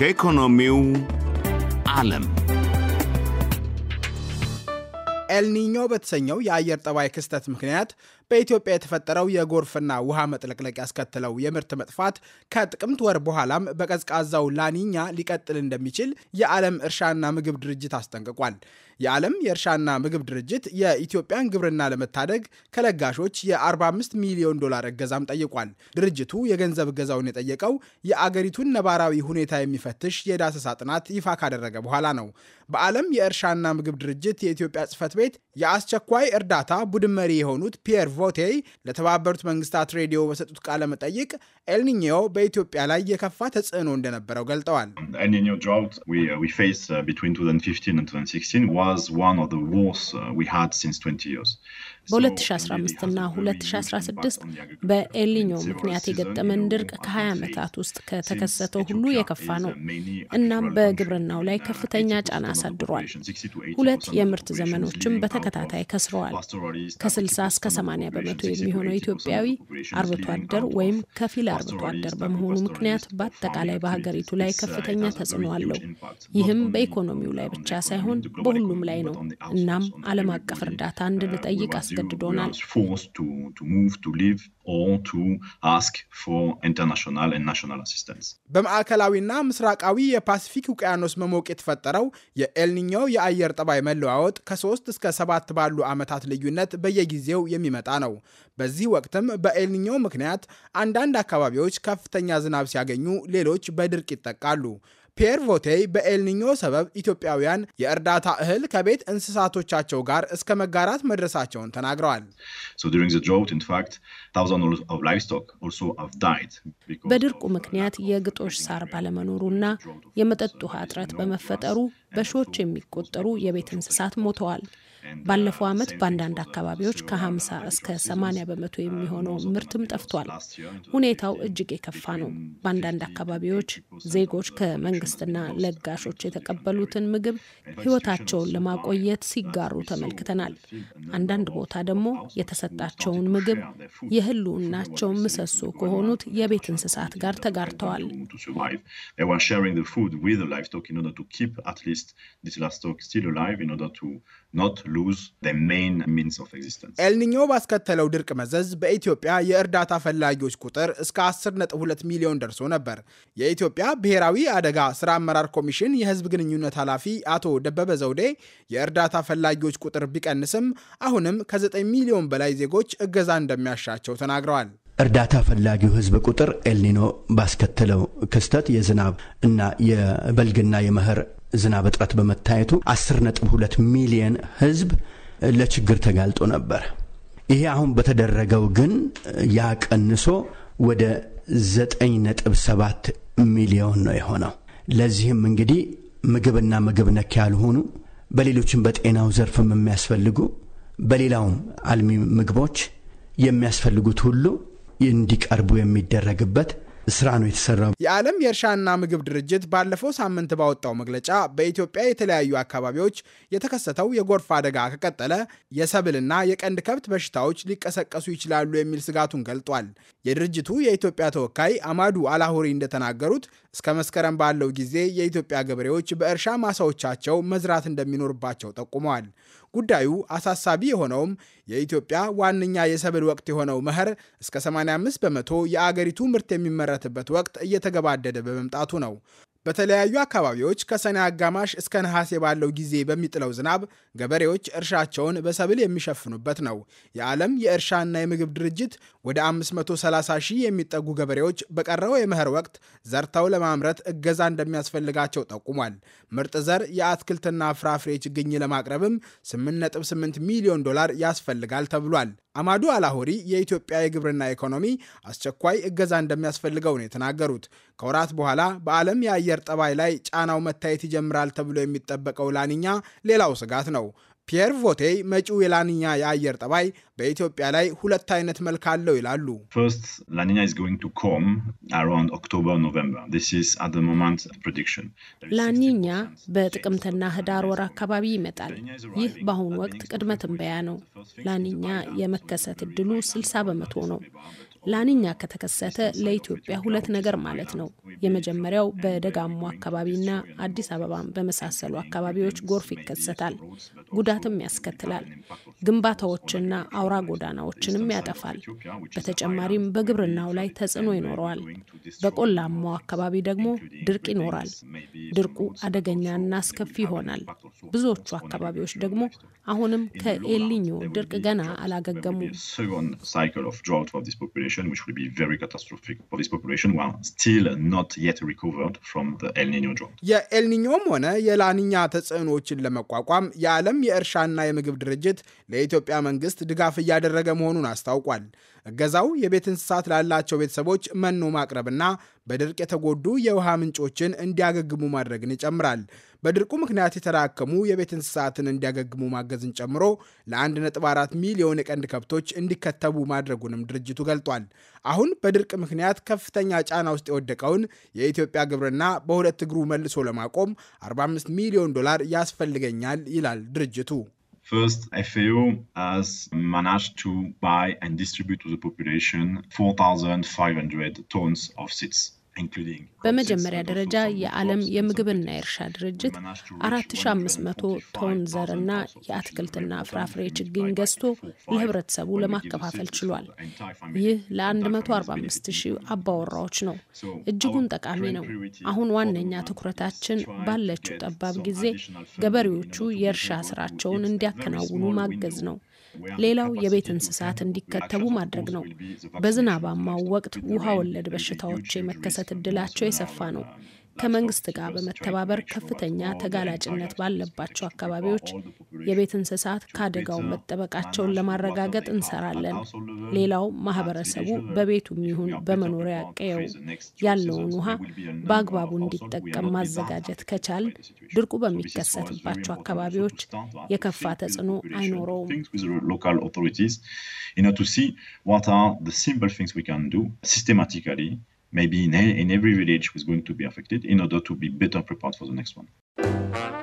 ከኢኮኖሚው ዓለም ኤልኒኞ በተሰኘው የአየር ጠባይ ክስተት ምክንያት በኢትዮጵያ የተፈጠረው የጎርፍና ውሃ መጥለቅለቅ ያስከተለው የምርት መጥፋት ከጥቅምት ወር በኋላም በቀዝቃዛው ላኒኛ ሊቀጥል እንደሚችል የዓለም እርሻና ምግብ ድርጅት አስጠንቅቋል። የዓለም የእርሻና ምግብ ድርጅት የኢትዮጵያን ግብርና ለመታደግ ከለጋሾች የ45 ሚሊዮን ዶላር እገዛም ጠይቋል። ድርጅቱ የገንዘብ እገዛውን የጠየቀው የአገሪቱን ነባራዊ ሁኔታ የሚፈትሽ የዳሰሳ ጥናት ይፋ ካደረገ በኋላ ነው። በዓለም የእርሻና ምግብ ድርጅት የኢትዮጵያ ጽፈት ቤት የአስቸኳይ እርዳታ ቡድን መሪ የሆኑት ፒየር ቮቴይ ለተባበሩት መንግስታት ሬዲዮ በሰጡት ቃለ መጠይቅ ኤልኒኞ በኢትዮጵያ ላይ የከፋ ተጽዕኖ እንደነበረው ገልጠዋል። በ2015 እና 2016 በኤልኒኞ ምክንያት የገጠመን ድርቅ ከ20 ዓመታት ውስጥ ከተከሰተው ሁሉ የከፋ ነው። እናም በግብርናው ላይ ከፍተኛ ጫና አሳድሯል። ሁለት የምርት ዘመኖችም በተከታታይ ከስረዋል። ከ60 እስከ 80 በመቶ የሚሆነው ኢትዮጵያዊ አርብቶ አደር ወይም ከፊል አርብቶ አደር በመሆኑ ምክንያት በአጠቃላይ በሀገሪቱ ላይ ከፍተኛ ተጽዕኖ አለው። ይህም በኢኮኖሚው ላይ ብቻ ሳይሆን በሁሉም ላይ ነው። እናም ዓለም አቀፍ እርዳታ እንድንጠይቅ አስ አስገድዶናል። በማዕከላዊና ምስራቃዊ የፓሲፊክ ውቅያኖስ መሞቅ የተፈጠረው የኤልኒኞ የአየር ጠባይ መለዋወጥ ከሶስት እስከ ሰባት ባሉ ዓመታት ልዩነት በየጊዜው የሚመጣ ነው። በዚህ ወቅትም በኤልኒኞ ምክንያት አንዳንድ አካባቢዎች ከፍተኛ ዝናብ ሲያገኙ፣ ሌሎች በድርቅ ይጠቃሉ። ፒየር ቮቴይ በኤልኒኞ ሰበብ ኢትዮጵያውያን የእርዳታ እህል ከቤት እንስሳቶቻቸው ጋር እስከ መጋራት መድረሳቸውን ተናግረዋል። በድርቁ ምክንያት የግጦሽ ሳር ባለመኖሩና የመጠጥ ውሃ እጥረት በመፈጠሩ በሺዎች የሚቆጠሩ የቤት እንስሳት ሞተዋል። ባለፈው ዓመት በአንዳንድ አካባቢዎች ከ50 እስከ 80 በመቶ የሚሆነው ምርትም ጠፍቷል። ሁኔታው እጅግ የከፋ ነው። በአንዳንድ አካባቢዎች ዜጎች ከመንግስትና ለጋሾች የተቀበሉትን ምግብ ህይወታቸውን ለማቆየት ሲጋሩ ተመልክተናል። አንዳንድ ቦታ ደግሞ የተሰጣቸውን ምግብ የህልውናቸው ምሰሶ ከሆኑት የቤት እንስሳት ጋር ተጋርተዋል። ኤልኒኞ ባስከተለው ድርቅ መዘዝ በኢትዮጵያ የእርዳታ ፈላጊዎች ቁጥር እስከ 10.2 ሚሊዮን ደርሶ ነበር። የኢትዮጵያ ብሔራዊ አደጋ ስራ አመራር ኮሚሽን የህዝብ ግንኙነት ኃላፊ አቶ ደበበ ዘውዴ የእርዳታ ፈላጊዎች ቁጥር ቢቀንስም አሁንም ከ9 ሚሊዮን በላይ ዜጎች እገዛ እንደሚያሻቸው ተናግረዋል። እርዳታ ፈላጊው ህዝብ ቁጥር ኤልኒኖ ባስከተለው ክስተት የዝናብ እና የበልግና የመኸር ዝናብ እጥረት በመታየቱ 10.2 ሚሊየን ህዝብ ለችግር ተጋልጦ ነበር። ይሄ አሁን በተደረገው ግን ያቀንሶ ወደ 9.7 ሚሊዮን ነው የሆነው። ለዚህም እንግዲህ ምግብና ምግብ ነክ ያልሆኑ በሌሎችም በጤናው ዘርፍም የሚያስፈልጉ በሌላውም አልሚ ምግቦች የሚያስፈልጉት ሁሉ እንዲቀርቡ የሚደረግበት ስራ ነው የተሰራው። የዓለም የእርሻና ምግብ ድርጅት ባለፈው ሳምንት ባወጣው መግለጫ በኢትዮጵያ የተለያዩ አካባቢዎች የተከሰተው የጎርፍ አደጋ ከቀጠለ የሰብልና የቀንድ ከብት በሽታዎች ሊቀሰቀሱ ይችላሉ የሚል ስጋቱን ገልጧል። የድርጅቱ የኢትዮጵያ ተወካይ አማዱ አላሁሪ እንደተናገሩት እስከ መስከረም ባለው ጊዜ የኢትዮጵያ ገበሬዎች በእርሻ ማሳዎቻቸው መዝራት እንደሚኖርባቸው ጠቁመዋል። ጉዳዩ አሳሳቢ የሆነውም የኢትዮጵያ ዋነኛ የሰብል ወቅት የሆነው መኸር እስከ 85 በመቶ የአገሪቱ ምርት የሚመረትበት ወቅት እየተገባደደ በመምጣቱ ነው። በተለያዩ አካባቢዎች ከሰኔ አጋማሽ እስከ ነሐሴ ባለው ጊዜ በሚጥለው ዝናብ ገበሬዎች እርሻቸውን በሰብል የሚሸፍኑበት ነው። የዓለም የእርሻና የምግብ ድርጅት ወደ 530 ሺህ የሚጠጉ ገበሬዎች በቀረው የመኸር ወቅት ዘርተው ለማምረት እገዛ እንደሚያስፈልጋቸው ጠቁሟል። ምርጥ ዘር፣ የአትክልትና ፍራፍሬ ችግኝ ለማቅረብም 8.8 ሚሊዮን ዶላር ያስፈልጋል ተብሏል። አማዱ አላሆሪ የኢትዮጵያ የግብርና ኢኮኖሚ አስቸኳይ እገዛ እንደሚያስፈልገው ነው የተናገሩት። ከወራት በኋላ በዓለም የአየር የአየር ጠባይ ላይ ጫናው መታየት ይጀምራል ተብሎ የሚጠበቀው ላንኛ ሌላው ስጋት ነው። ፒየር ቮቴ መጪው የላንኛ የአየር ጠባይ በኢትዮጵያ ላይ ሁለት አይነት መልክ አለው ይላሉ። ላኒኛ በጥቅምትና ህዳር ወር አካባቢ ይመጣል። ይህ በአሁኑ ወቅት ቅድመ ትንበያ ነው። ላኒኛ የመከሰት እድሉ 60 በመቶ ነው። ላኒኛ ከተከሰተ ለኢትዮጵያ ሁለት ነገር ማለት ነው። የመጀመሪያው በደጋሙ አካባቢና አዲስ አበባን በመሳሰሉ አካባቢዎች ጎርፍ ይከሰታል፣ ጉዳትም ያስከትላል። ግንባታዎችና አውራ ጎዳናዎችንም ያጠፋል። በተጨማሪም በግብርናው ላይ ተጽዕኖ ይኖረዋል። በቆላማው አካባቢ ደግሞ ድርቅ ይኖራል። ድርቁ አደገኛና አስከፊ ይሆናል። ብዙዎቹ አካባቢዎች ደግሞ አሁንም ከኤልኒኞ ድርቅ ገና አላገገሙም። not yet recovered from the El Nino drought. የኤል ኒኞም ሆነ የላኒኛ ተጽዕኖዎችን ለመቋቋም የዓለም የእርሻና የምግብ ድርጅት ለኢትዮጵያ መንግስት ድጋፍ እያደረገ መሆኑን አስታውቋል። እገዛው የቤት እንስሳት ላላቸው ቤተሰቦች መኖ ማቅረብና በድርቅ የተጎዱ የውሃ ምንጮችን እንዲያገግሙ ማድረግን ይጨምራል። በድርቁ ምክንያት የተራከሙ የቤት እንስሳትን እንዲያገግሙ ማገዝን ጨምሮ ለ1.4 ሚሊዮን የቀንድ ከብቶች እንዲከተቡ ማድረጉንም ድርጅቱ ገልጧል። አሁን በድርቅ ምክንያት ከፍተኛ ጫና ውስጥ የወደቀውን የኢትዮጵያ ግብርና በሁለት እግሩ መልሶ ለማቆም 45 ሚሊዮን ዶላር ያስፈልገኛል ይላል ድርጅቱ። First, FAO has managed to buy and distribute to the population 4,500 tons of seeds. በመጀመሪያ ደረጃ የዓለም የምግብና የእርሻ ድርጅት 4500 ቶን ዘርና የአትክልትና ፍራፍሬ ችግኝ ገዝቶ ለህብረተሰቡ ለማከፋፈል ችሏል። ይህ ለ 145000 አባወራዎች ነው። እጅጉን ጠቃሚ ነው። አሁን ዋነኛ ትኩረታችን ባለችው ጠባብ ጊዜ ገበሬዎቹ የእርሻ ስራቸውን እንዲያከናውኑ ማገዝ ነው። ሌላው የቤት እንስሳት እንዲከተቡ ማድረግ ነው። በዝናባማው ወቅት ውሃ ወለድ በሽታዎች የመከሰት እድላቸው የሰፋ ነው። ከመንግስት ጋር በመተባበር ከፍተኛ ተጋላጭነት ባለባቸው አካባቢዎች የቤት እንስሳት ከአደጋው መጠበቃቸውን ለማረጋገጥ እንሰራለን። ሌላው ማህበረሰቡ በቤቱም ይሁን በመኖሪያ ቀየው ያለውን ውሃ በአግባቡ እንዲጠቀም ማዘጋጀት ከቻል ድርቁ በሚከሰትባቸው አካባቢዎች የከፋ ተጽዕኖ አይኖረውም። maybe in, in every village was going to be affected in order to be better prepared for the next one.